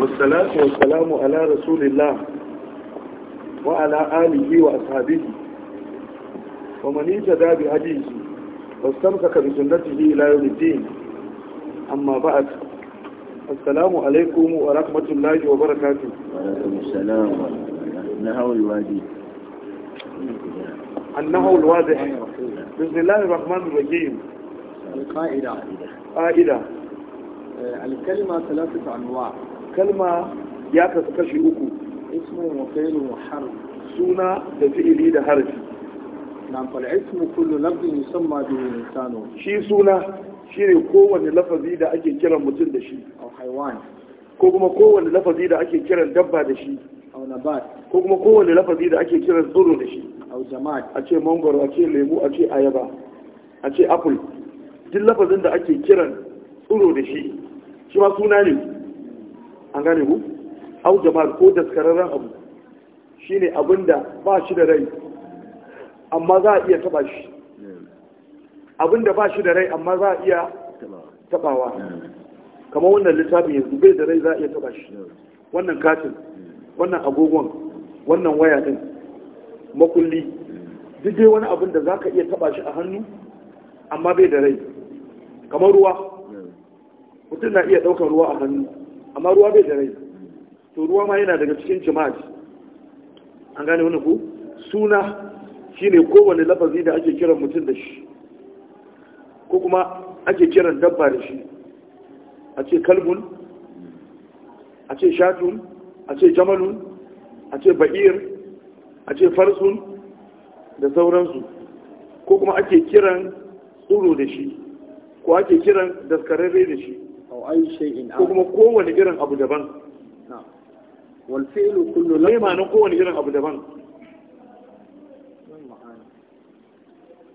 والصلاة والسلام على رسول الله وعلى آله وأصحابه ومن يتدى بهديه واستمسك بسنته إلى يوم الدين أما بعد السلام عليكم ورحمة الله وبركاته وعليكم السلام النهو الوادي النهو الواضح بسم الله الرحمن الرحيم القائدة قائدة آه، الكلمة ثلاثة أنواع kalma ya kasu kashi uku ismu wa fi'lu wa har suna da fi'ili da harfi nan fal ismu kullu lafzin yusamma bihi insanu shi suna shine kowanne lafazi da ake kiran mutum da shi aw haywan ko kuma kowanne lafazi da ake kiran dabba da shi aw nabat ko kuma kowanne lafazi da ake kiran tsiro da shi aw jama'at a ce mangoro a ce lemu a ce ayaba a ce apple duk lafazin da ake kiran tsoro da shi shi ma suna ne an gane ku au jama'ar ko daskararren abu shine abinda ba shi da rai amma za a iya taba shi abinda ba shi da rai amma za a iya tabawa kamar wannan littafin yanzu bai da rai za a iya taba shi wannan katin wannan agogon wannan waya din makulli duk dai wani abinda da za ka iya taba shi a hannu amma bai da rai kamar ruwa mutum na iya ɗaukar ruwa a hannu amma ruwa bai da rai to ruwa ma yana daga cikin jima'i an gane wani ku suna shine kowane lafazi da ake kiran mutum da shi ko kuma ake kiran dabba da shi a ce kalbun a ce shatun a ce jamalun a ce ba'ir a ce farsun da sauransu ko kuma ake kiran tsoro da shi ko ake kiran daskararre da shi ay shay'in ko kuma kowane irin abu daban wal fi'lu kullu ma nan kowane irin abu daban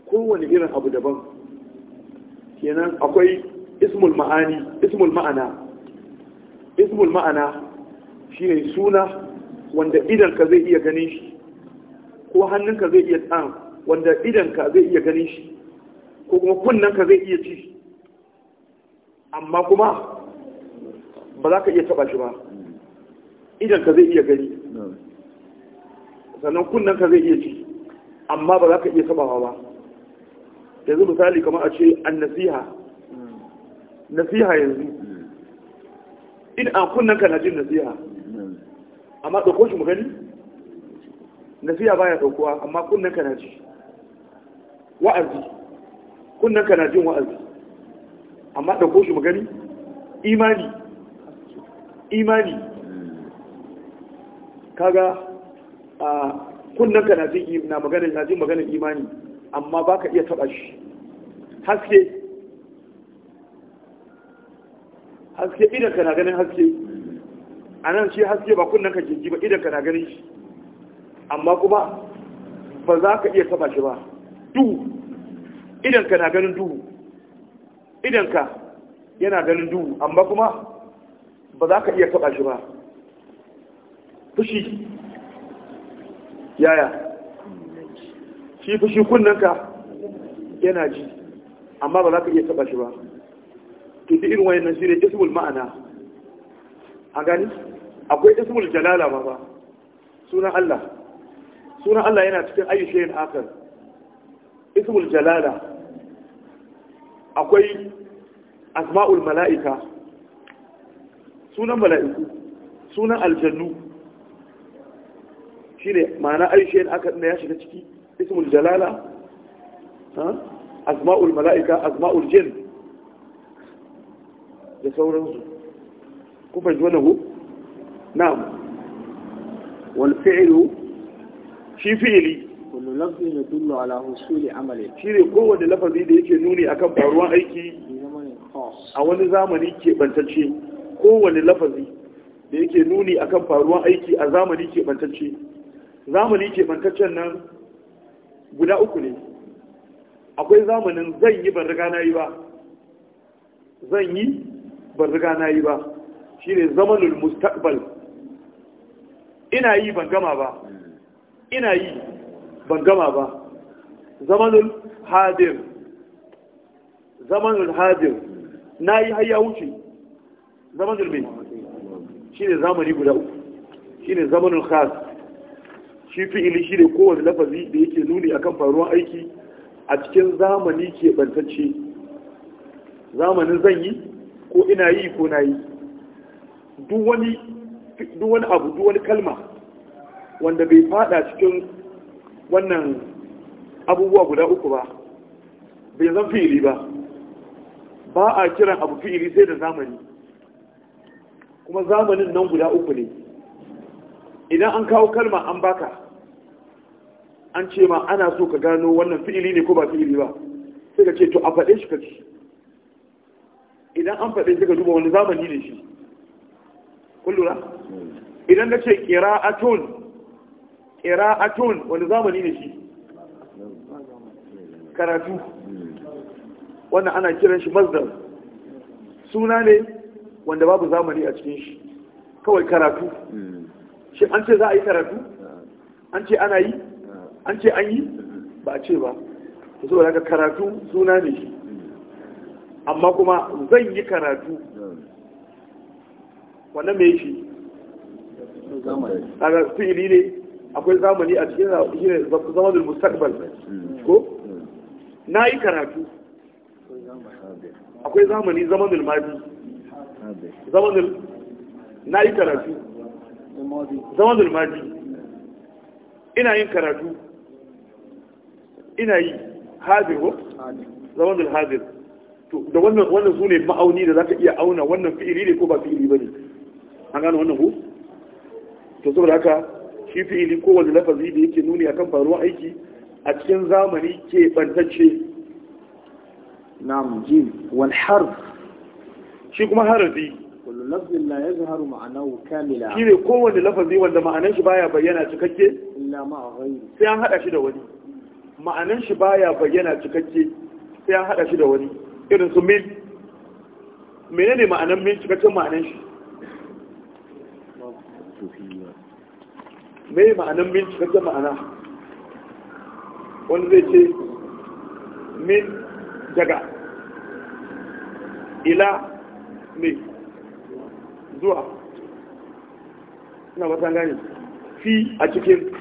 kowane irin abu daban kenan akwai ismul ma'ani ismul ma'ana ismul ma'ana shine suna wanda idanka zai iya ganin shi ko hannunka zai iya tsan ah, wanda idanka zai iya ganin shi ko kuma ka zai iya ci amma kuma ba za ka iya taba shi ba idan ka zai iya gani sannan kunnen ka zai iya ci amma ba za ka iya taba ba yanzu misali kamar a ce an nasiha nasiha yanzu in an kunnen ka na jin nasiha amma ɗauko shi mu gani nasiha baya ɗaukowa amma kunnen ka na ji wa'azi kunnen ka na jin wa'azi amma da ko shi magani imani imani kaga a kunnan ka na jin na magana na jin magana imani amma baka iya taba shi haske haske idan ka na ganin haske a nan ce haske ba kunnan ka jinji ba idan ka na ganin shi amma kuma ba za ka iya taba shi ba duhu idan ka na ganin duhu idanka yana ganin duhu amma kuma ba za ka iya taɓa shi ba fushi yaya shi fushi kunnanka yana ji amma ba za ka iya taɓa shi ba ke ta irin wannan shi ne ismul ma'ana a gani akwai ismul jalala ma ba sunan Allah sunan Allah yana cikin ayyushayin akar ismul jalala akwai asma'ul mala'ika sunan mala'iku sunan aljannu shi ne ma'ana aishiyar aka ɗina ya shiga ciki ismul jalala asma'ul mala'ika asma'ul jin da sauransu kun fahimci wannan ku? na'am wal fi'ilu shi fi'ili kullu lafzin dullu ala husuli amali shi ne kowane lafazi da yake nuni akan faruwan aiki a wani zamani ke bantacce kowane lafazi da yake nuni akan faruwan aiki a zamani ke bantacce zamani ke bantaccen nan guda uku ne akwai zamanin zan yi barriga na yi ba zan yi barriga na yi ba shi ne zamanin mustaqbal ina yi ban gama ba ina yi ban gama ba zamanin hadir zamanin hadir na yi hayya wuce zamanin mai shi ne zamani guda uku shi ne zamanin khas shi fi'ili shi ne kowane lafazi da yake nuni akan faruwar aiki a cikin zamani ke bantacce zamanin zan yi ko ina yi ko na yi duk wani abu duk wani kalma wanda bai fada cikin wannan abubuwa guda uku ba bai zan fi'ili ba ba a kiran abu fi'ili sai da zamani kuma zamanin nan guda uku ne idan an kawo kalma an baka an ce ma ana so ka gano wannan fi'ili ne ko ba fi'ili ba sai ka ce to a faɗe shi ka ci idan an faɗe sai ka duba wani zamani ne shi kullura hmm. idan ka ce ƙira'atun ƙira'atun wani zamani ne shi karatu wannan ana kiran shi mazdar suna ne wanda babu zamani a cikin shi kawai karatu shi an ce za a yi karatu an ce ana yi an ce an yi ba a ce ba ta zuwa daga karatu suna ne shi amma kuma zan yi karatu wannan mai shi kaga fi'ili ne akwai zamani a cikin zama da mustaqbal ko na yi karatu akwai zamani zaman ilmadi zaman na yi karatu zaman ilmadi ina yin karatu ina yi hadir ko zaman ilhadir to da wannan wannan su ne ma'auni da za ka iya auna wannan fi'ili ne ko ba fi'ili ba ne an gano wannan ku to saboda haka shi fi'ili wani lafazi da yake nuni akan faruwar aiki a cikin zamani ke bantacce na'am jin wal harf shi kuma harfi kullu lafzin la yazharu ma'anahu kamila shi ne wani lafazi wanda ma'anar shi baya bayyana cikakke illa ma ghayri sai an hada shi da wani ma'anar shi baya bayyana cikakke sai an hada shi da wani irin su mil menene ma'anar mil cikakken ma'anar shi me ma'anan min da ma'ana wani zai ce min daga ila ne zuwa ina wata gani fi a cikin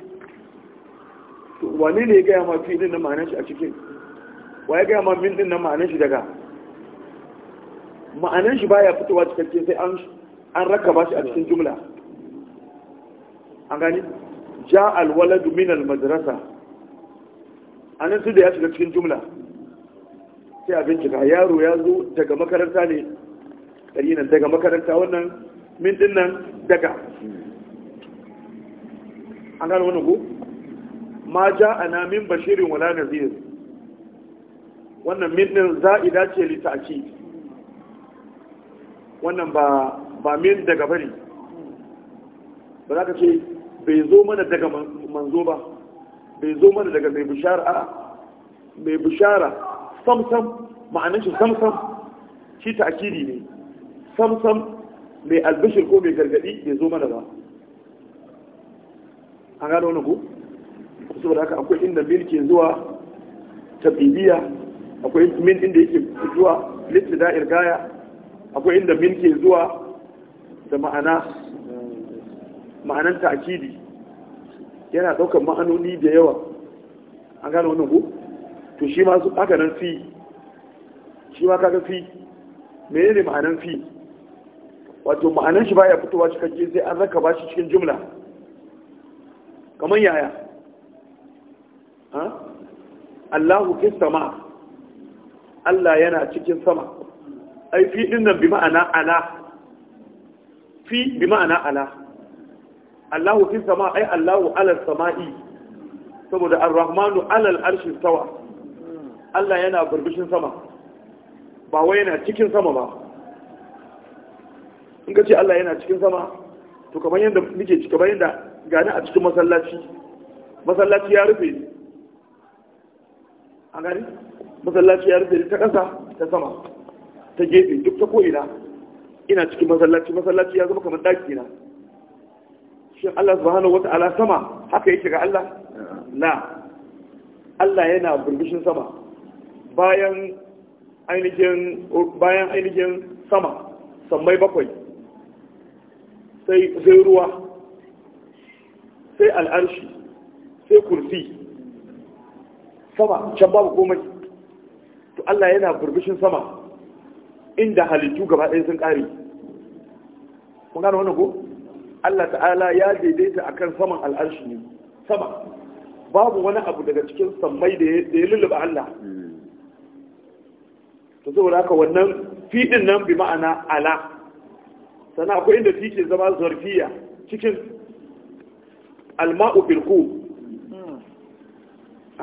wane ne ya gaya ma fi din na ma'anan shi a cikin wa ya gaya ma min din na ma'anan shi daga ma'anan shi baya fitowa cikakke sai an raka ba shi a cikin jumla an gani ja alwaladu min almadrasa anan su da ya shiga cikin jumla sai a cika yaro ya zo daga makaranta ne nan, daga makaranta wannan mintin nan daga an gani wani ko ma ja ana min bashirin wala nazir wannan min din za'ida ce lita a wannan ba ba min daga bari ba za ka ce bai zo mana daga manzo ba bai zo mana daga mai bishara a mai bishara samsam ma'anin shi samsam shi akidi ne samsam mai albishir ko mai gargadi bai zo mana ba an gano wani ku saboda haka akwai inda min ke zuwa tabibiya akwai min inda yake zuwa da'ir gaya akwai inda min ke zuwa da ma'ana ma'anan ta'kidi yana ɗaukar ma'anoni da yawa an gane wannan ko to shi ma su aka nan fi shi ma kaga fi mene ne ma'anan fi wato ma'anan shi baya fitowa cikakke sai an raka bashi cikin jumla kamar yaya Allahu fi sama Allah yana cikin sama ai fi din nan bi ma'ana ala fi bi ma'ana ala Allahu fi sama ai Allahu alal sama'i saboda ar-rahmanu alal arshi sawa Allah yana burbushin sama ba wai yana cikin sama ba in ka ce Allah yana cikin sama to kamar yadda muke ci kamar yadda gani a cikin masallaci masallaci ya rufe ni a gani masallaci ya rufe ni ta ƙasa ta sama ta gefe duk ta ko ina cikin masallaci masallaci ya zama kamar daki na shi Allah subhanahu ta'ala sama haka yake ga Allah Na. Allah yana burbushin sama bayan ainihin bayan ainihin sama sammai bakwai sai sai ruwa sai al'arshi sai kursi sama can babu komai to Allah yana burbushin sama inda halittu gaba ɗaya sun ƙare kun gane wannan ko Allah ta'ala ya daidaita akan saman al'arshi ne sama babu wani abu daga cikin sammai da ya lulluɓa Allah to saboda haka wannan fiɗin nan bi ma'ana ala sana akwai inda fi ke zama zarfiya cikin alma'u bilku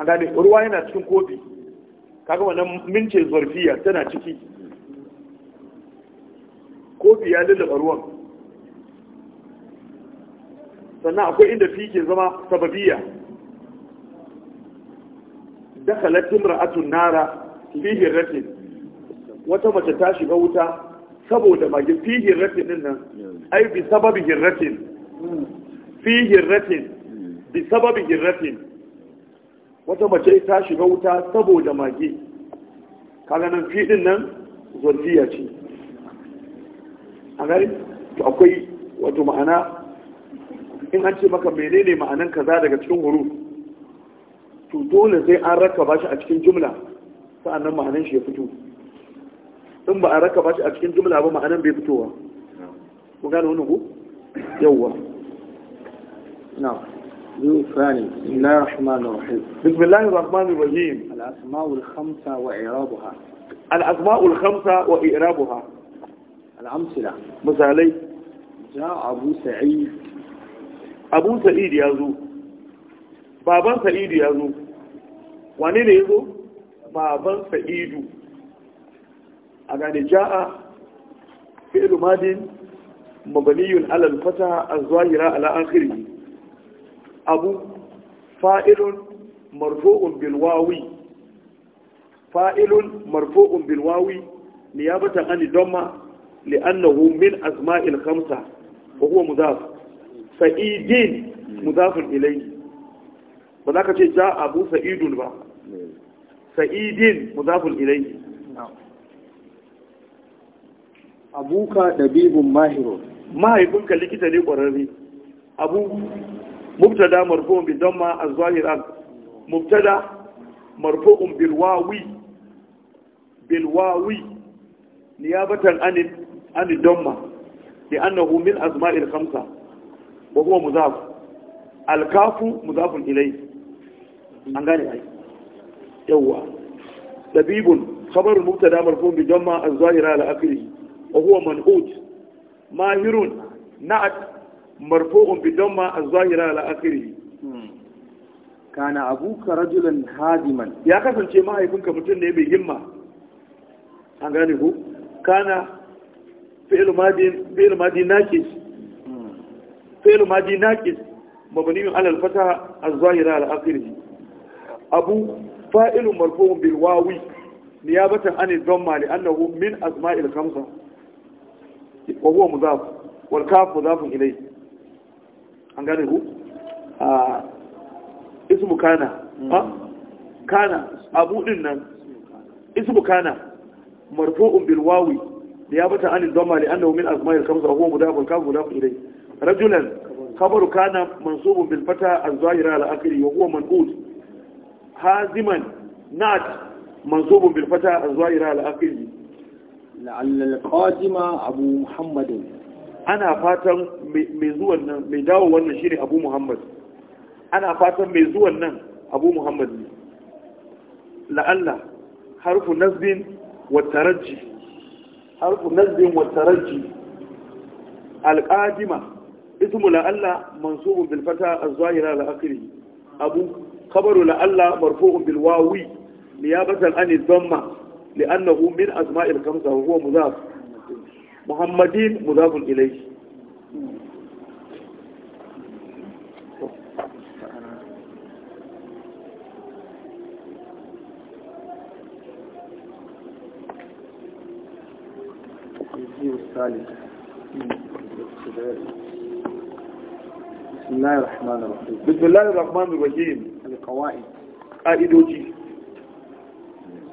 a gane ruwa yana cikin kofi kaga wannan mince zarfiya tana ciki kofi ya lullu ruwan sannan akwai inda fi ke zama sababiya. sababiyya dakalatin ra'atun nara fihin ratin wata mace ta shiga wuta saboda magin fihin ratin din nan ai bi sababihin ratin fihin ratin bi sababihin ratin wata mace ta shiga wuta saboda mage kaga nan fi din nan zurfiya ce a gari akwai wato ma'ana in an ce maka menene ma'anan kaza daga cikin huruf to dole sai an raka ba shi a cikin jumla sa'annan ma'anan shi ya fito in ba a raka ba shi a cikin jumla ba ma'anan bai fitowa ku gane wani ku yawwa na'am ثاني بسم الله الرحمن الرحيم بسم الله الرحمن الرحيم الأسماء الخمسة وإعرابها khamsa wa Irabuha. الأمثلة مثالي جاء abu سعيد abu sa'id ya zo baban sa'id ya zo wani ne ya zo baban sa'idu a gane ja'a fi madin mabaniyun alalfata a zuwa ala akhirih abu fa'ilun marfu'un fa’ilun marfo’un ya ni ya don ma, don ma li'annahu min asma'il khamsa mu za su. sa'idin mudafin ilai, ba za ka ce ja abu sa'idun ba sa'idin mudafin abu abuka ɗabibin mahirun mahaifinka likita ne ƙwararri abu mubtada marfu'un bi damma az-zahir al mubtada marfu'un bil bilwawi Niyabatan anin, anin don ma. damma li annahu min asma'il khamsa wa kuma muzaf alkafu muzafun ilai an gane ai yawa dabibun khabar mubtada marfu'un bi damma az-zahira ala akhirih wa huwa man'ut mahirun na'at marfu'un bi damma az-zahira ala akhirih hmm. kana abuka rajulan hadiman ya kasance mahaifinka mutum ne mai himma an gane ku kana fi'il madin fi'il madin nakis fi'il madi naqis mabni ala al-fataha az-zahira ala akhirih abu fa'il marfu'un bil wawi niyabatan an dhamma li annahu min asma'il khamsa wa huwa mudaf ismu kana kana abu din nan ismu kana min asma'il khamsa wa huwa mudaf rajulan khabaru kana mansubun bil fata az-zahira ala akhiri wa huwa manqut haziman nat mansubun bil fata az-zahira ala akhiri la'all al-qadima abu muhammad ana fatan mai zuwan nan mai dawo wannan shine abu muhammad ana fatan mai zuwan nan abu muhammad ne la'alla اسم لعل منصوب بالفتح الظاهرة على آخره أبو خبر لعل مرفوع بالواوي نيابة عن الضمة لأنه من أسماء الخمسة وهو مضاف محمدين مضاف إليه you. بسم الله الرحمن الرحيم بسم الله الرحمن الرحيم القواعد قائدوجي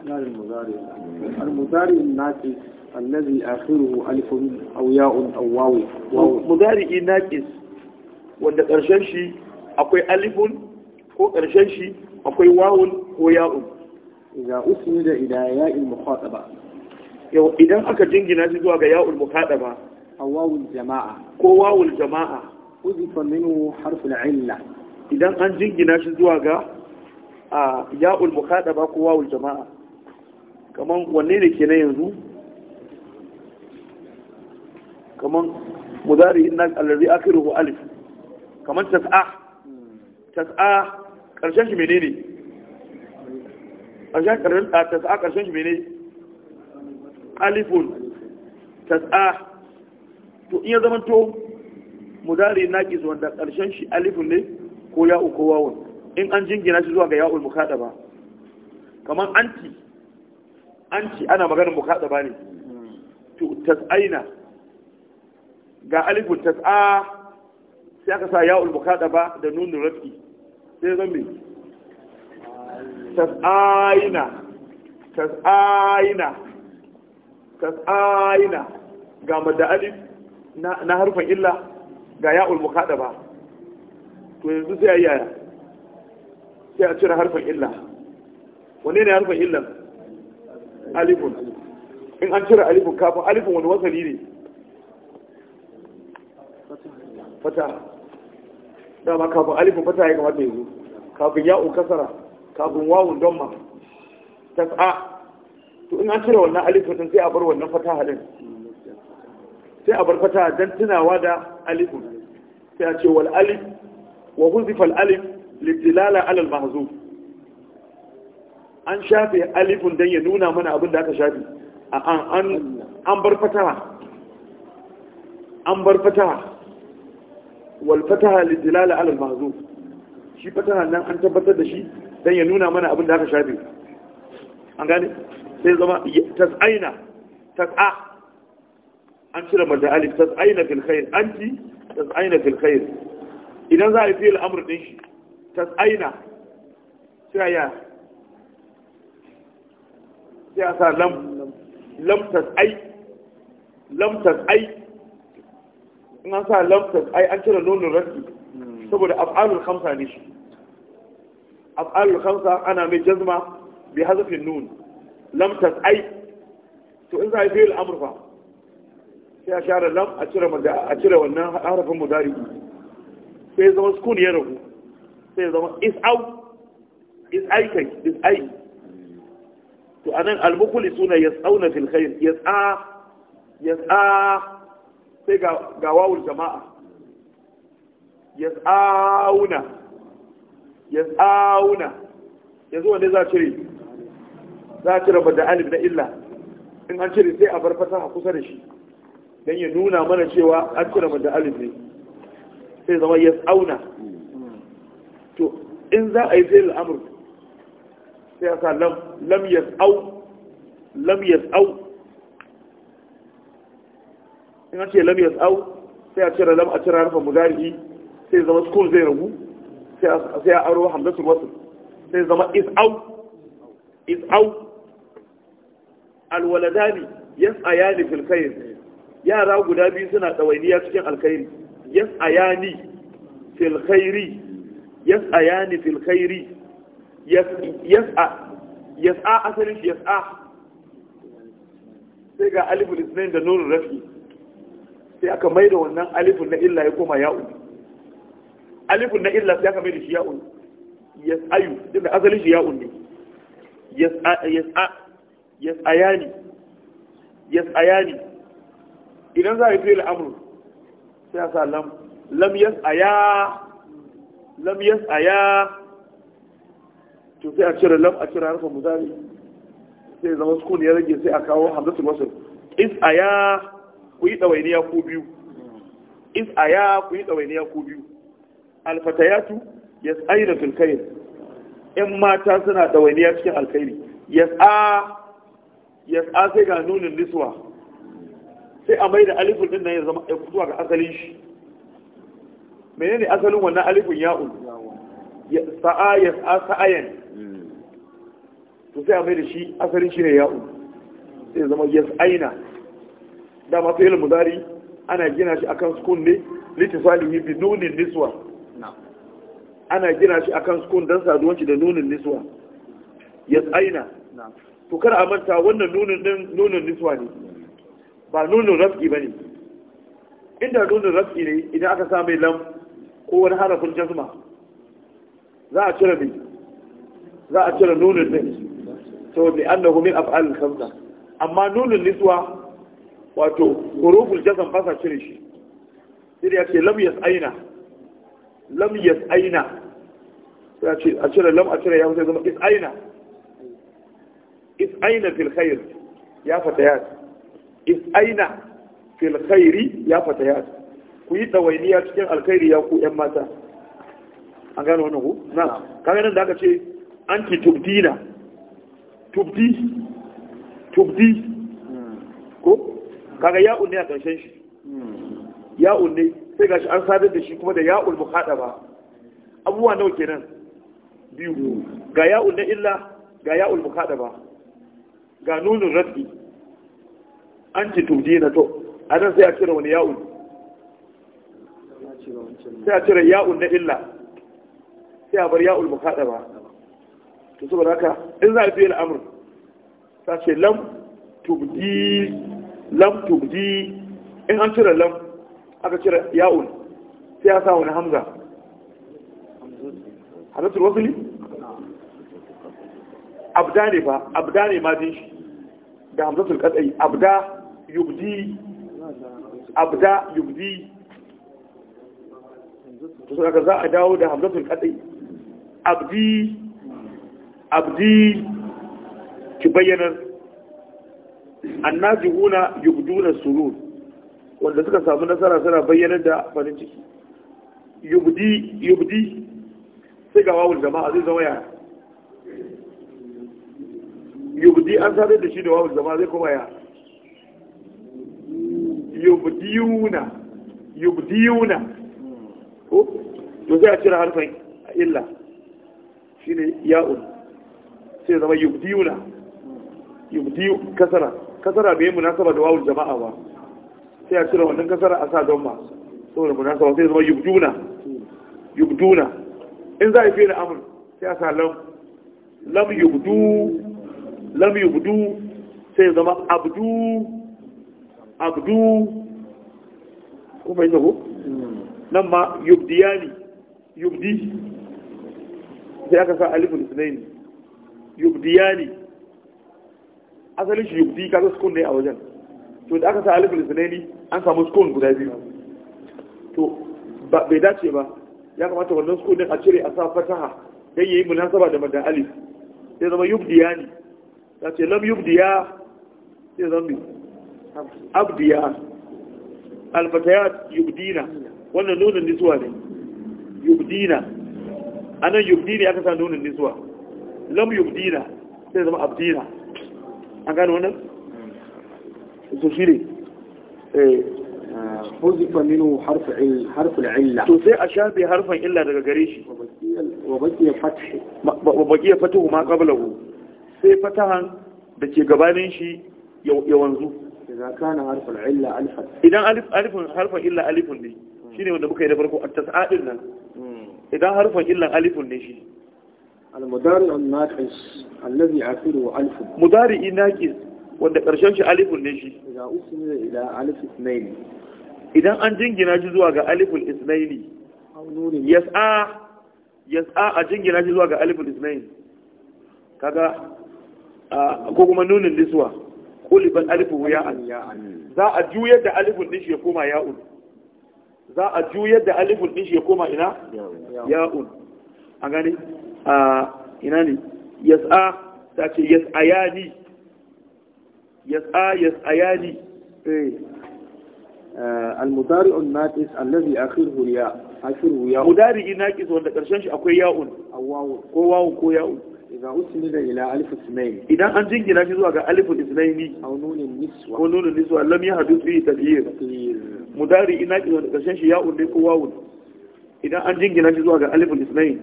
المضارع المضارع الناقص الذي آخره ألف أو ياء واو مضارع ناقص wanda ƙarshen shi akwai alifun ko ƙarshen shi akwai wawun ko ya'un ga usmi da ila ya'il mukhataba yau idan aka jingina shi zuwa ga ya'ul mukhataba awawul ko wawul jama'a uzifa minhu harful illa idan an jingina shi zuwa ga a ya'ul muqadaba ko wawul jama'a kaman wanne ne kenan yanzu kaman mudari inna allazi akhiruhu alif kaman tas'a tas'a karshen shi menene karshen karshen tas'a tas'a to in ya zamanto mudari naqis wanda karshen shi alifun ne ko ya uku wawun in an jingina shi zuwa ga ya'ul mukhataba kaman anti anti ana maganar mukhataba ne to tas'aina ga alifun tas'a sai aka sa ya'ul mukhataba da nunu rafi sai zan bi tas'aina tas'aina tas'aina ga madda alif na harfan illa ga ya'ul ba to yanzu sai ayi yaya sai a cire harfin illa wane ne harfin illa alifun in an cire alifun kafin alifun wani wasali ne fata dama kafin alifun fata ya kamata yanzu kafin ya'ul kasara kafin wawun donma tas'a to in an cire wannan alifun sai a bar wannan fata halin sai a bar fata don tunawa da alifun sai a ce wal alif wa huzifa alif lidilala ala mahzuf an shafe alifun dan ya nuna mana abin da aka shafe an bar fataha an bar fataha wal fataha lidilala alal al mahzuf shi fataha nan an tabbatar da shi dan ya nuna mana abin da aka shafe an gane sai zama tas'aina tas'a an cire mata alif tas aina fil khair anti tas aina fil khair idan za a yi fi'il amr din shi tas aina sai ya sai a sa lam lam tas ai lam tas ai in an sa lam tas ai an cire nonon rafi saboda af'alul khamsa ne shi af'alul khamsa ana mai jazma bi hazafin nun lam tas ai to in za a yi fi'il amr fa sai a share lam a cire wannan harafin mudari sai zama sukun ya ragu sai zama is out is ai kai is ai to anan almukuli suna yas'auna fil khair yas'a yas'a sai ga ga wawul jama'a yas'auna yas'auna yanzu wanda za cire za cire bada alif da illa in an cire sai a bar fasaha kusa da shi don ya nuna mana cewa an cire mata alif ne sai zama ya tsauna to in za a yi zai al'amur sai ya sa lam ya tsau lam ya tsau in an ce lam ya tsau sai a cire lam a cire harfa mudari sai zama sukun zai ragu sai ya aro hamdatul wasu sai zama is au is au alwaladani yas'ayani fil khair yara guda biyu suna ɗawainiya cikin alkhairi yas ayani fil khairi yas ayani fil khairi yas yas a asalin yas a ah. sai ga alifu lisnain da nurun rafi sai aka mai da wannan alifu na illa ya koma ya'u alifu na illa sai aka mai da shi ya'u yas ayu da asalin shi ya'u ne yas a ah, yas a ah. yas ayani yas ayani idan za a yi da amur sai a sa lam lam tsaya lam ya to sai a cire lam a cire harfa muzari sai zama sukun ya rage sai a kawo hamzatul masu is ya ku yi dawainiya ko biyu is ya ku yi dawainiya ko biyu ya tsayi da khair in mata suna dawainiya cikin alkhairi yas'a yas'a sai ga nunin niswa sai a mai da alifin din nan ya zama ya zuwa ga asalin shi menene asalin wannan alifin ya'un sa'a ya sa'ayan to sai a mai da shi asalin shi ne ya'un sai zama Da dama fi'il mudari ana gina shi akan sukun ne litifalihi bi nunin niswa ana gina shi akan sukun dan saduwanci da nunin niswa yas'aina to kar a manta wannan nunin din nunin niswa ne ba nunin rafi ba ne inda nunin rafi ne idan aka sami lam ko wani harafin jazma za a cire mai za a cire nunin din to bi annahu min af'al khamsa amma nunin niswa wato huruful jazm ba sa cire shi sai ya ce lam yas'aina lam yas'aina sai a ce a cire lam a cire ya zama is'aina is'aina fil khair ya fata ya is aina fil khairi ya fata ya ku yi ɗawainiya cikin alkhairi ya ku ‘yan mata an gano wani ku? na kaga nan da aka ce an ki tubdina tubdi tubdi hmm. ko kaga ya unne a ƙarshen shi hmm. ya unne sai gashi an sadar da shi kuma da ya'un mu haɗa ba abubuwa nawa kenan biyu ga ya unne illa ga ya'un mu haɗa ba ga nunin rafi an ci tuji na to a nan sai a cire wani ya'un sai a cire ya'un na illa sai a bar ya'un mukaɗa ba to saboda haka in za a fiye al'amur ta ce lam tuji lam tuji in an cire lam aka cire ya'un sai a sa wani hamza halittar ne? abda ne ba abda ne ma din shi da hamzatul kadai abda yubdi abda yubdi to saka za a dawo da hamzatul qat'i abdi abdi ki bayyana annajihuna yubduna surur wanda suka samu nasara suna bayyana da farin ciki yubdi yubdi sai ga wawul jama'a zai zama ya yubdi an sadar da shi da wawul jama'a zai kuma ya yubdiyuna yubdiyuna ko to sai a cire harfin illa shine ya'un sai zama yubdiyuna yubdiyu kasara kasara bai munasaba da wawul jama'a ba sai a cire wannan kasara a sa don ma saboda munasaba sai zama yubduna yubduna in za a fi da amur sai a sa lam lam yubdu lam yubdu sai zama abdu abdu kuma bai zago nan ma yubdiyani yubdi sai aka sa alifin sunaini yubdiyani asalin shi yubdi kaga sukun ne a wajen to da aka sa alifin sunaini an samu sukun guda biyu to bai dace ba ya kamata wannan sukun ne a cire a sa fataha dan yayi munasaba da madan alif sai zama yubdiyani ta ce lam yubdiya sai zama abdiya alfatayat yubdina wannan nunin nisuwa ne yubdina anan yubdina aka sa nunin nisuwa lam yubdina sai zama abdina an gano wannan su shi ne حذف منه حرف حرف العلة to sai a shafe harfan illa daga gare shi wa baqiya fathi wa ma qablahu sai fatahan da ke gabanin shi ya wanzu idan kana harfin illa alfan idan ne wanda muka da farko a tas'adin nan idan harfin illa alifin ne shi المضارع الناقص الذي آخره ألف مضارع ناقص wanda ƙarshen shi alifun ne shi idan usmi ila alif isnaini idan an jingina shi zuwa ga aliful isnaini yas'a a jingina shi zuwa ga aliful isnaini kaga kuma nunin liswa kuliban alifu ya'an za a juya da alifun din shi ya koma ya'un za a juya da alifun din shi ya koma ina ya'un a gani a ina ne yas'a ta ce ni. yas'a yas'ayani eh المضارع eh, naqis الذي akhiruhu ya akhiruhu ya mudari naqis wanda karshen shi akwai ya'un ko wawun ko ya'un idza usnida ila alif idan an jingina shi zuwa ga alif isnayn aw nunun niswa ko nunun niswa lam yahdith fi tadhir ina ki da kashin shi ya'un ko wawun idan an jingina shi zuwa ga alif isnayn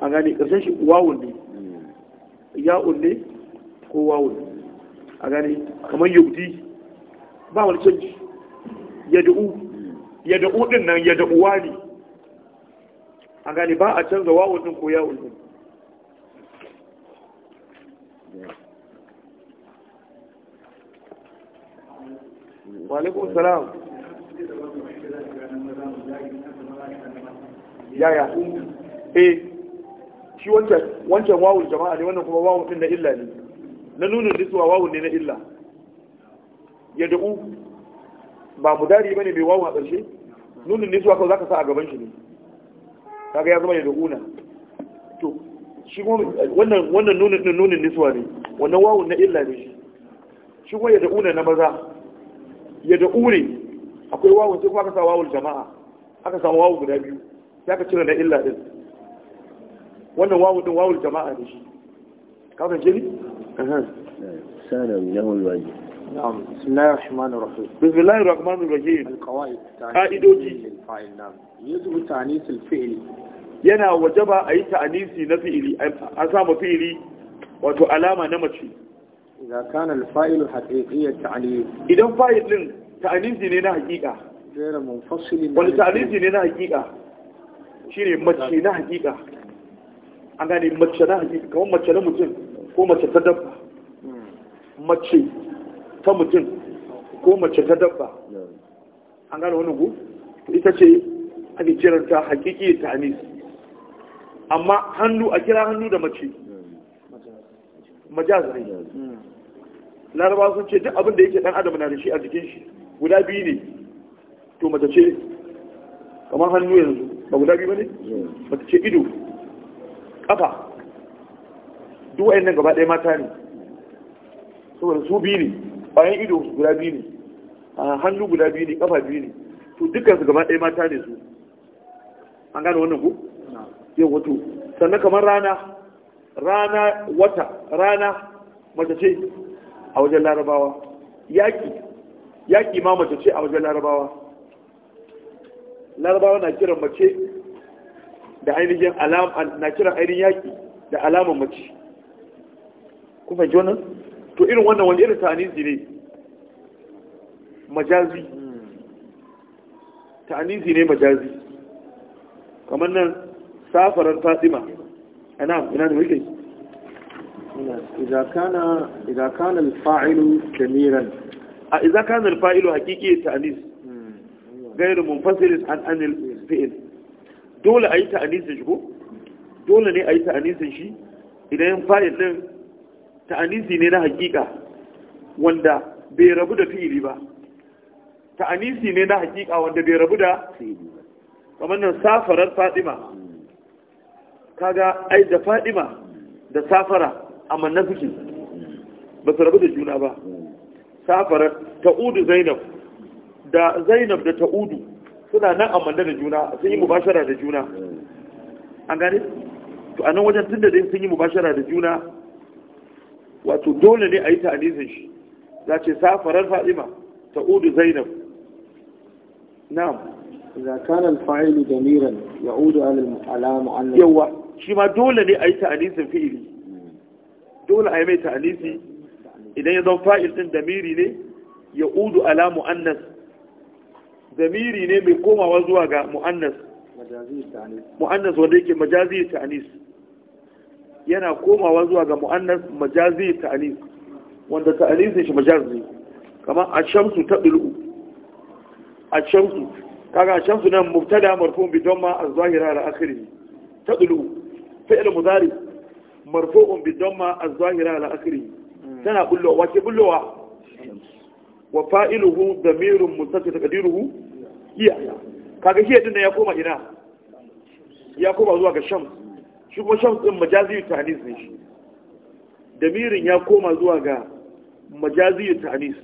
a gani kashin shi wawun ne ya'un ne ko wawun a gani kamar yubdi ba wani canji yad'u yad'u din nan an gani ba a canza wawun din ko yawun din walaikun salam yaya eh shi wancan wawun jama'a ne wannan kuma wawun din na illa ne na nuna nisuwa wawun ne na illa ya da'u ba mu dari bane mai wawun a ƙarshe nunin nisuwa kawai za ka sa a gaban shi ne kaga ya zama ya da'una to shi wannan wannan nunin nunin niswa ne wannan wawun na illa ne shi shi kuma ya da'una na maza ya da'ure akwai wawun sai kuma aka sa wawu jama'a aka samu wawu guda biyu sai aka cire na illa din wannan wawu din wawu jama'a ne shi kaga jini sanan lahu alwajib نعم بسم الله الرحمن الرحيم بسم الله الرحمن الرحيم القواعد الفاعل نعم يجب الفعل a yi ta'anisi na fi'ili a samu fi'ili wato alama na mace idan kana alfa'il ta'anisi ne na haqiqa wani ta'anisi ne na haqiqa shine mace na haqiqa an gane mace na haqiqa kamar mace na mutum ko mace ta dabba mace ta mutum ko mace ta dabba an gane wani ku ita ce ake kiranta hakiki ta anis amma hannu a kira hannu da mace majaz ne larabawa sun ce duk abin da yake dan adam na da shi a jikin shi guda biyu ne to mace ce kamar hannu yanzu ba guda biyu ba ne mace ce ido kafa duk wayannan gaba daya mata ne saboda su biyu ne ƙwayan ido guda biyu ne hannu guda biyu ne ƙafa biyu ne to dukkan su gaba ɗaya mata ne su an gane wannan ku yau wato sannan kamar rana rana wata rana mace ce a wajen larabawa Yaki, yaki ma mace ce a wajen larabawa larabawa na kiran mace da ainihin alama na kiran ainihin yaki da alaman mace ku fahimci wannan to irin wannan wani irin ta'anizi ne majazi ta'anizi ne majazi kamar nan safarar fatima ana ina da muke idan kana idan kana alfa'ilu kamiran a idan kana alfa'ilu haqiqi ta'aniz gairu munfasil an anil fi'il dole yi ta'anizin shi ko dole ne a yi ta'anizin shi idan fa'il din ta'anisi ne na hakika wanda bai rabu da fi'ili ba ta'anisi ne na hakika wanda bai rabu da fi'ili kamar nan safarar fadima kaga ai da fadima da safara amma na suke ba su rabu da juna ba safarar ta'udu zainab da zainab da ta'udu suna nan amanda da juna sun yi mubashara da juna an gane to a nan wajen tun da dai sun yi mubashara da juna wato dole ne a yi ta'anizin shi za ce safarar Fadima ta udu zainab na'am za kana alfa'ilu damiran ya udu alamu mu'allaf yawa shi ma dole ne a yi ta'anizin fi'ili dole a yi mai ta'anisi idan ya zama fa'il din damiri ne ya udu ala mu'annas damiri ne mai komawa zuwa ga mu'annas mu'annas wanda yake majazi ta'anis yana komawa zuwa ga mu'annas majazi ta'anis wanda ta'anisin shi majazi kamar a shamsu ta ɗulu a shamsu kaga a shamsu nan mubtada marfu'un bi damma az-zahira ala akhirih ta ɗulu fi'l mudari marfu'un bi damma az-zahira ala akhirih tana wa ke bullowa wa Wa fa'iluhu damirun mustaqil taqdiruhu iya kaga shi din ya koma ina ya koma zuwa ga shamsu shi kuma shan din majazi ta'anis ne shi damirin ya koma zuwa ga majazi ta'anis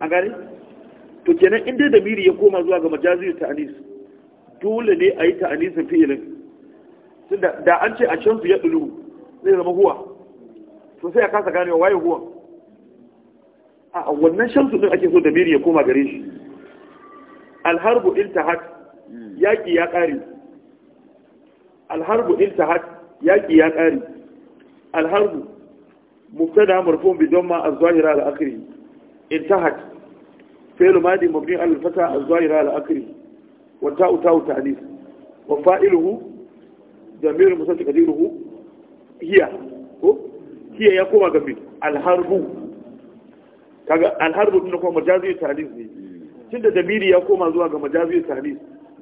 A gani? to kenan inda damiri ya koma zuwa ga majazi ta'anis dole ne a yi ta'anisin fi'ilin da an ce a su ya ɗulu zai zama huwa to sai a kasa wa, waye huwa a wannan su din ake so damiri ya koma gare shi alharbu intahat hmm. yaƙi ya ƙare alharbu iltahad yaƙi ya ƙari alharbu mubtada marfu'un bi damma az-zahira ala akhirih iltahad fi'l madi mabni ala al-fatha az-zahira ala akhirih wa ta'u ta'u ta'dil wa fa'iluhu ضمير المستتر قديره هي هي ya koma gabi alharbu kaga alharbu din kuma majazi ta'lis ne hmm. tunda damiri ya koma zuwa ga majazi ta'lis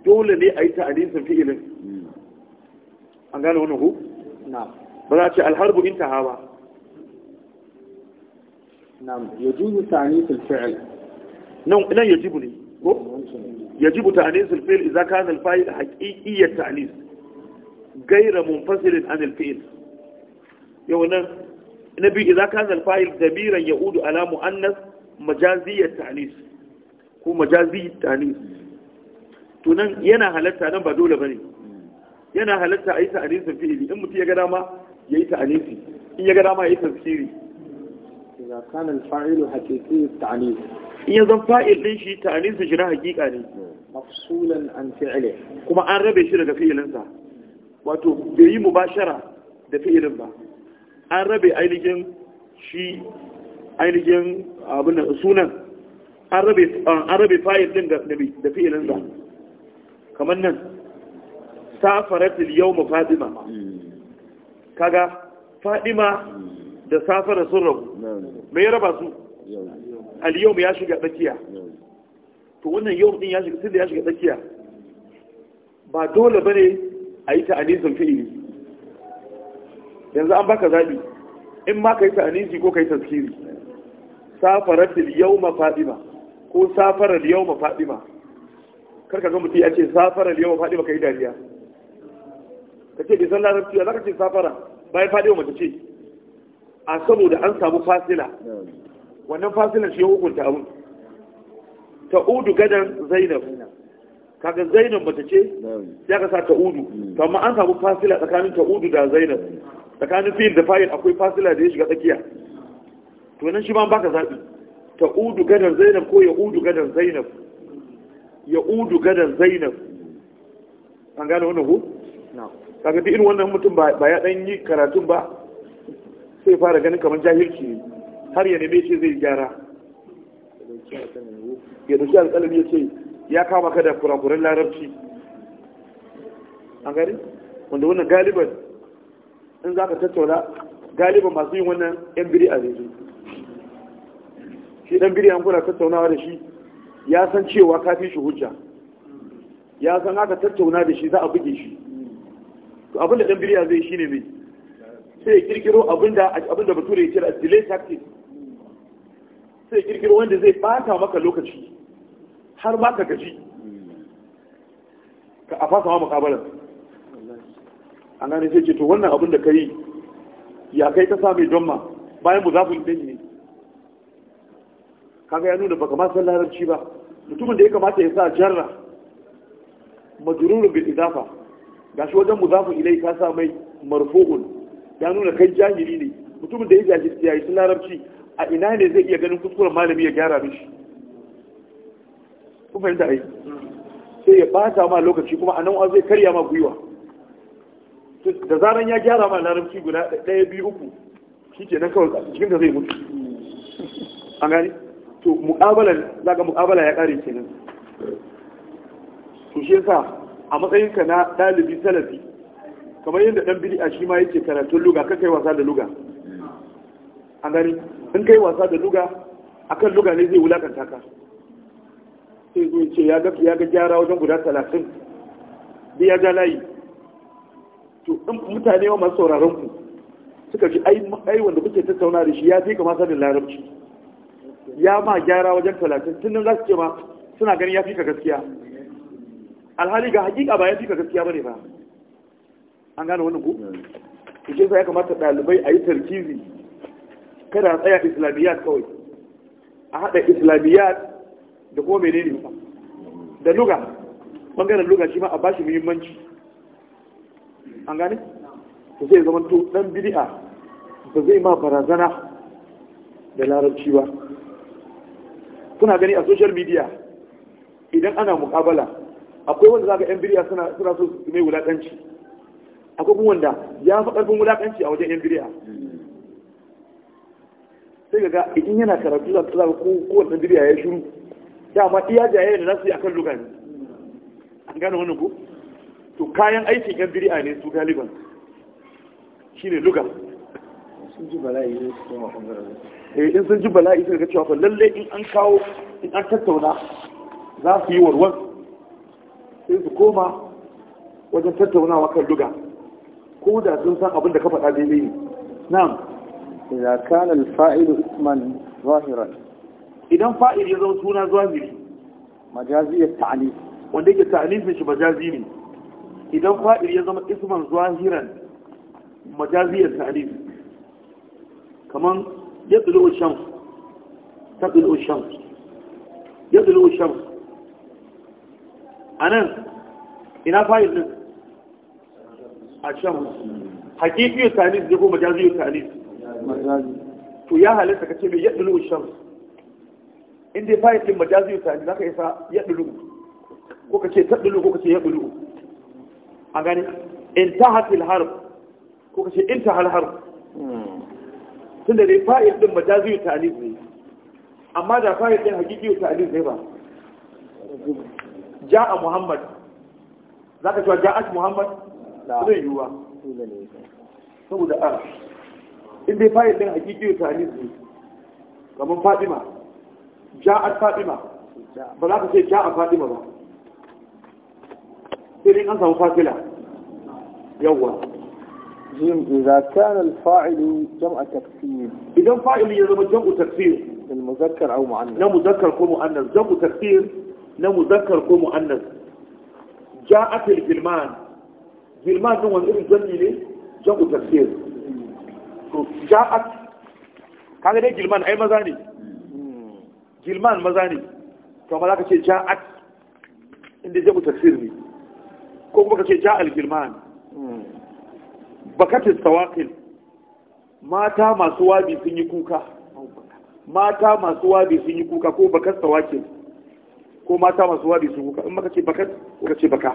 dole ne a yi ta'lisin fi'ilin hmm. an gane wani hu? ba za a ce alharbu in taha ba ya juzu tani sulfi'il nan ya jibu ne ko? ya jibu ne sulfi'il iza ka zalfayi da haƙiƙiyar tani gaira mun fasirin an alfi'il yau nan na biyu iza ka da damiran ya udu alamu annas majaziyar tani ko majaziyar tani tunan yana halatta nan ba dole ba ne yana halatta a yi ta'anisin fi'ili in mutum ya ga dama ya yi ta'anisi in ya ga dama ya yi tafsiri إذا كان الفاعل حقيقي التعنيف shi ذا فاعل ليش تعنيف شنو حقيقة مفصولا عن فعله an أن ربي شنو فعل إنسا da fi'ilin ba an rabe ainihin shi ainihin abin da sunan an rabe fayil din da fi'ilinsa kamar nan safaratil yawma fadima hmm. kaga Fadima da safara sun rabu me ya raba su al yawm ya shiga tsakiya to wannan yau din ya shiga tunda ya shiga tsakiya ba dole bane a yi ta'anisin fi'ili yanzu an baka zabi in ma kai ta'anisi ko kai tazkiri safaratil ma Fadima ko safarar yawma fadima karka ga mutum ya ce safarar Fadima ka kai dariya ka ce bai san larabci ba za ka ce safara bai faɗi wa mace ce a saboda an samu fasila wannan fasilan shi ya hukunta abun ta udu gadan zainab kaga zainab mace ce ya ka sa ta udu to amma an samu fasila tsakanin ta udu da zainab tsakanin fil da fa'il akwai fasila da ya shiga tsakiya to nan shi ma baka zabi ta udu gadan zainab ko ya udu gadan zainab ya udu gadan zainab an gane wannan hu kaga duk irin wannan mutum ba ya dan yi karatun ba sai fara ganin kamar jahilci ne har ya neme ce zai gyara ya dauki alƙalami ya ce ya kama ka da kurakuran larabci an gari wanda wannan galiban in za ka tattauna galiban masu yin wannan yan biri a zai shi dan biri an kuna tattaunawa da shi ya san cewa kafin shi hujja ya san haka tattauna da shi za a buge shi to abin da dan biriya zai shine mai sai ya kirkiro abin da bature ya kira delay tactic sai ya kirkiro wanda zai bata maka lokaci har ma ka gaji ka a fasa mu mukabalar an gane sai ce to wannan abin da ka yi ya kai ta sami don ma bayan mu zafin dangi ne kaga ya nuna baka ma san larabci ba mutumin da ya kamata ya sa jarra majrurun bil idafa gashi wajen muzafin ilai ka sa mai marfu'un ya nuna kai jahili ne mutumin da ya jahilci ya yi su larabci a ina ne zai iya ganin kuskuren malami ya gyara mishi kuma fahimta ai sai ya bata ma lokaci kuma a nan zai karya ma gwiwa da zaran ya gyara ma larabci guda ɗaya biyu uku shi ke nan kawai cikin da zai mutu an gani to muƙabalar zaga muƙabala ya ƙare kenan to shi yasa a matsayinka na ɗalibi salafi kamar yadda ɗan bid'a shi ma yake karatun luga ka kai wasa da luga an gani in kai wasa da luga akan luga ne zai wulakanta ka sai zo ce ya ga ya ga gyara wajen guda talatin bi ya ga layi to in mutane wa masu sauraron ku suka ji ai wanda kuke tattauna da shi ya fi kama sanin larabci ya ma gyara wajen talatin tun nan za su ce ma suna ganin ya fi ka gaskiya alhali ga hakika ba ya fi gaskiya bane ba an gane wannan ku shi ya kamata ɗalibai a yi tarkizi kada a tsaya islamiyyat kawai a haɗa islamiyyat da kuma menene da luga Bangaren luga shi ma a bashi muhimmanci an gane to zai zama to ɗan bid'a ba zai ma barazana da larabci ba kuna gani a social media idan ana muƙabala akwai wanda zaka yan biriya suna suna so su mai wulakanci akwai kuma wanda ya fa karfin wulakanci a wajen yan biriya sai ga idan yana karatu da tsara ko kowanne biriya ya shiru dama iya jaye da nasu akan lugani an gane wannan ko to kayan aikin yan biriya ne su galiban shine lugan sun ji bala'i ne su koma bangaren eh in sun ji bala'i sai ga cewa lalle in an kawo in an tattauna za su yi warwar sai su koma wajen tattaunawa kan duga ko da sun san abin da ka faɗa daidai ne na'am idan kana alfa'ilu isman zahiran idan fa'il ya zama suna zahiri majazi ya ta'alif wanda yake ta'alifin shi majazi ne idan fa'il ya zama isman zahiran majazi ya ta'alif kaman yadda lo'ushan ta lo'ushan yadda lo'ushan a nan ina fa'il din a can hakiki tanis ne ko majazi tanis to ya halitta kace mai yadulu shams in dai fa'il din majazi za zaka isa yadulu ko kace tadulu ko kace yadulu a gani ta al harb ko kace intaha al harb hmm. tunda dai fa'il din majazi tanis ne amma da fa'il din hakiki tanis ne ba جاء محمد ذاك شو جاء محمد لا لا يوا سو ده ار ان دي فايل دين حقيقي تاريخ دي كما فاطمه جاء فاطمه بلا كده جاء فاطمه بقى سيرين ان سو فاطمه يوا جيم اذا كان الفاعل جمع تكسير اذا فاعل يزم جمع تكسير المذكر او معنى لا مذكر او مؤنث جمع تكسير na muzakkar ko mu'annas ja'atil gilman gilman din wani irin zanni ne ku tafsir to ja'at kaga dai gilman ai maza ne gilman maza ne to amma zaka ce ja'at inda ku tafsir ne ko kuma ka ce ja'al gilman bakatis tawakil mata masu wabi sun yi kuka mata masu wabi sun yi kuka ko bakatis tawakil ko mata masu wabi su kuka in maka ce baka kuka ce baka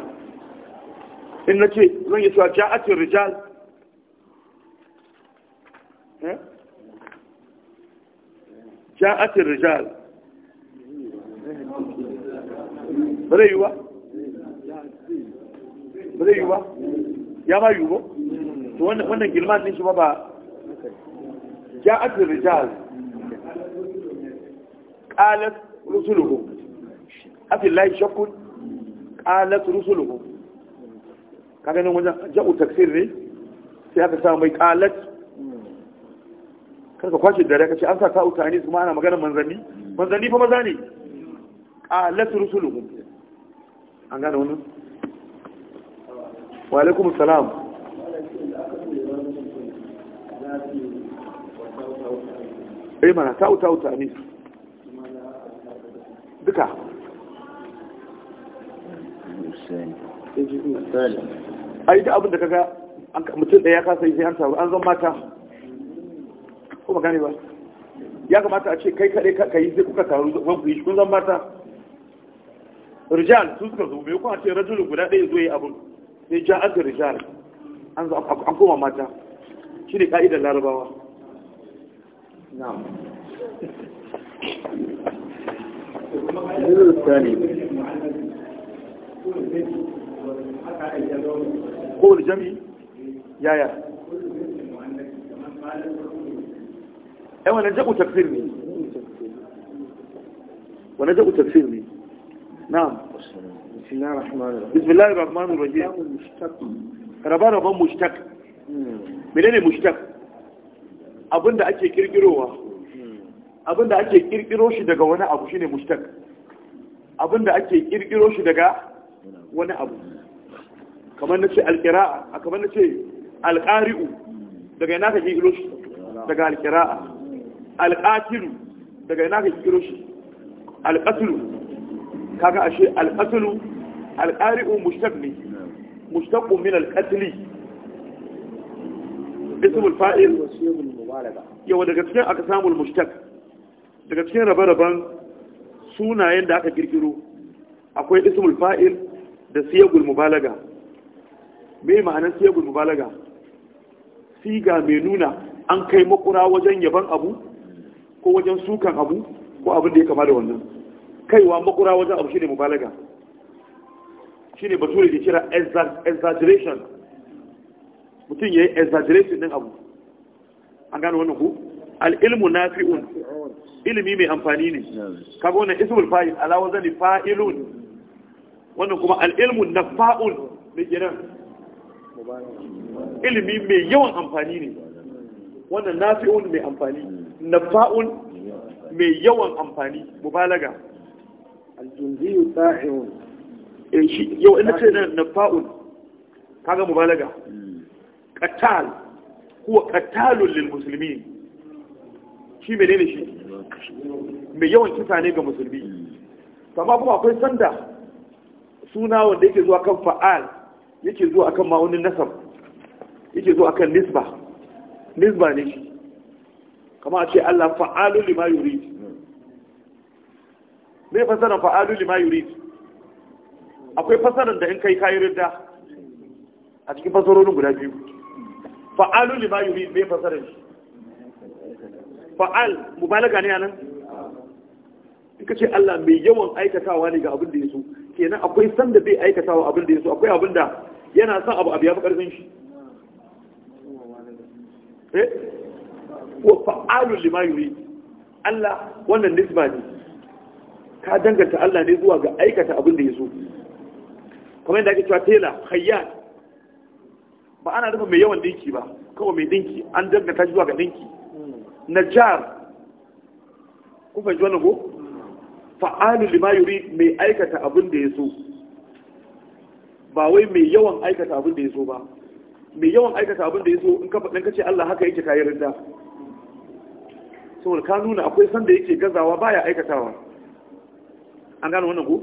in na ce zan yi cewa ja'atin rijal eh? ja'atin rijal ba zai yi ba ba zai yi ba ya ma yi to wannan girman ne shi ba ba ja'atin rijal qalat rusuluhum lai shakkun qalat rusuluhu kaga nan wajen ja'u taksir ne sai aka sa mai qalat kar ka kwace dare ka ce an sa ka utani kuma ana magana manzanni manzanni fa maza ne qalat rusuluhu an gane wannan wa alaikum salam eh mana ta uta uta duka ai da abin da kaga mutum ɗaya yi sai an taru an zan mata ko ba gane ba ya kamata a ce kai kaɗai ka yi zai kuka taru zan ku yi kun zan mata rijal sun suka zo mai kuma ce rajulu guda ɗaya zo yi abin sai ja aka rijal an koma mata shi ne ka'idar larabawa na'am kowane jami yaya ai eh, wannan jabu tafsir ne wannan jabu tafsir ne na'am bismillahir rahmanir rahim bismillahir rahim menene mushtaq abinda ake kirkirowa abinda ake kirkiro shi daga wani abu shine mushtaq abinda ake kirkiro shi daga wani abu kamar na ce alƙira'a kamar na ce alƙari'u daga yana ka kiro shi daga alƙira'a alƙatilu daga ka kiro shi ashe alƙari'u mushtaq ne mushtaqun min alƙatli ismul fa'il yawa daga cikin aka samu mushtaq daga cikin rabe-raben sunayen da aka kirkiro akwai ismul fa'il da siyagul mubalaga mai ma'anar siyagul mubalaga siga mai nuna an kai makura wajen yaban abu ko wajen sukan abu ko abin da ya kama da wannan kaiwa makura wajen abu shine mubalaga shine bature ke kira exaggeration mutum ya yi exaggeration din abu an gano wannan ku al'ilmu na fi'un ilimi mai amfani ne kaga wannan ismul fa'il ala wazani fa'ilun wannan kuma al'ilmu na fa'ul mai gina ilimi mai yawan amfani ne wannan na fi'un mai amfani na fa'ul mai yawan amfani mubalaga aljunziyu sa'iun eh, yau ina ce na fa'un kaga mubalaga hmm. qatal huwa qatalun lil muslimin shi menene shi hmm. mai yawan kisa ne ga musulmi hmm. amma kuma akwai sanda suna wanda yake zuwa kan fa'al yake zuwa akan ma'aunin nasar, yake zuwa akan nisba nisba ne shi kama a ce Allah fa'alu lima yurid me fasaran fa'alu lima yurid akwai fasaran da in kai kayi da a cikin fasarorin guda biyu fa'alu lima yurid me fasaran shi fa'al mubalaga ne anan in ka ce Allah mai yawan aikatawa ne ga abin da ya so kenan akwai sanda bai aikata wa abin da ya so akwai abin da yana san abu abu ya fi ƙarfin shi eh wa fa'alul lima yuri Allah wannan nisba ne ka danganta Allah ne zuwa ga aikata abin da ya so kuma yadda ake cewa tela hayyan ba ana nufin mai yawan dinki ba kawai mai dinki an danganta shi zuwa ga dinki najjar kun ji wannan go. fa'alu lima yuri mai aikata abin da ya so ba wai mai yawan aikata abin da ya so ba mai yawan aikata abin da ya so in ka ce kace Allah haka yake kayi rinda saboda ka nuna akwai sanda yake gazawa baya aikatawa an gano wannan ko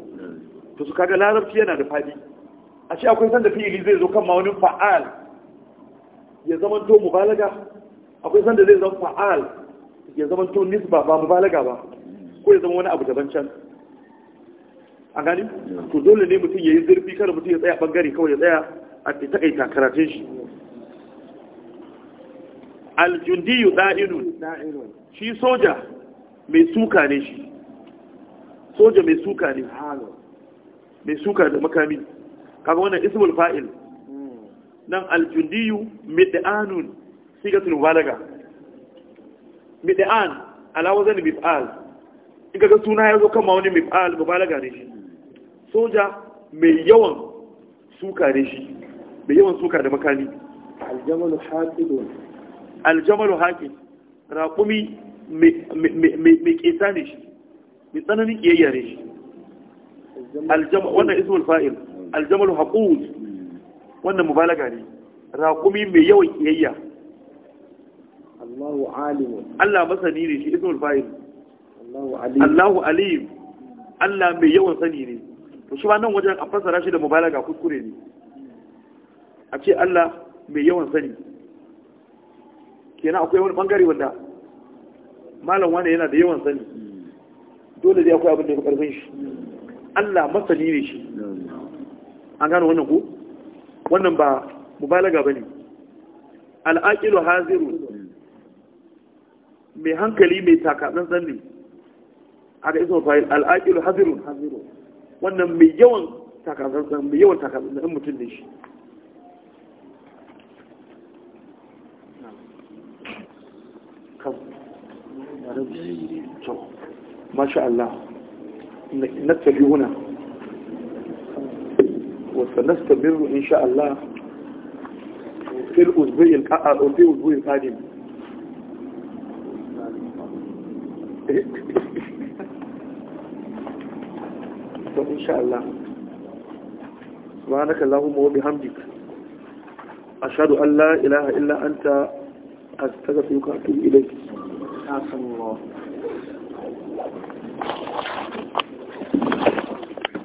to su kaga larabci yana da fadi a ce akwai sanda fi'ili zai zo kan ma wani fa'al ya zama to mubalaga akwai sanda zai zama fa'al ya zama to nisba ba mubalaga ba ko ya zama wani abu daban can a gani to dole ne mutum ya yi zurfi kada mutum ya tsaya bangare kawai ya tsaya a taƙaita karatun shi aljundiyu da'inu shi soja mai suka ne shi soja mai suka ne mai suka da makami kaga wannan ismul fa'il hmm. nan aljundiyu mid'anun sigatul balaga mid'an ala wazan bif'al in ga suna ya zo kan ma wani mif'al mubalaga ne shi soja mai yawan suka da shi mai yawan suka da makami aljamalu haqidun aljamalu haqid raƙumi mai ƙesa ne shi mai tsananin ƙiyayya ne shi wannan ismul fa'il aljamalu haqud wannan mubalaga ne Raƙumi mai yawan ƙiyayya. Allah masani ne shi ismul fa'il Allahu alim Allah mai yawan sani ne to shi ba nan wajen a fasara shi da mubalaga kuskure ne a ce Allah mai yawan sani kenan akwai wani bangare wanda malam wani yana da yawan sani dole zai akwai abin da ya karfin shi Allah masani ne shi an gano wannan ko wannan ba mubalaga bane al'aqilu haziru mai hankali mai takatsantsan ne هذا اسمه فايل الاجل حذر وانا مليون تاكاسان سان مليون تاكاسان ان متين ديش نعم. ما شاء الله نتفي هنا وسنستمر ان شاء الله في الأسبوع القادم في الأسبوع القادم in insha Allah subhanaka allahumma wa bihamdika ashhadu an la ilaha illa anta astaghfiruka wa atubu ilayk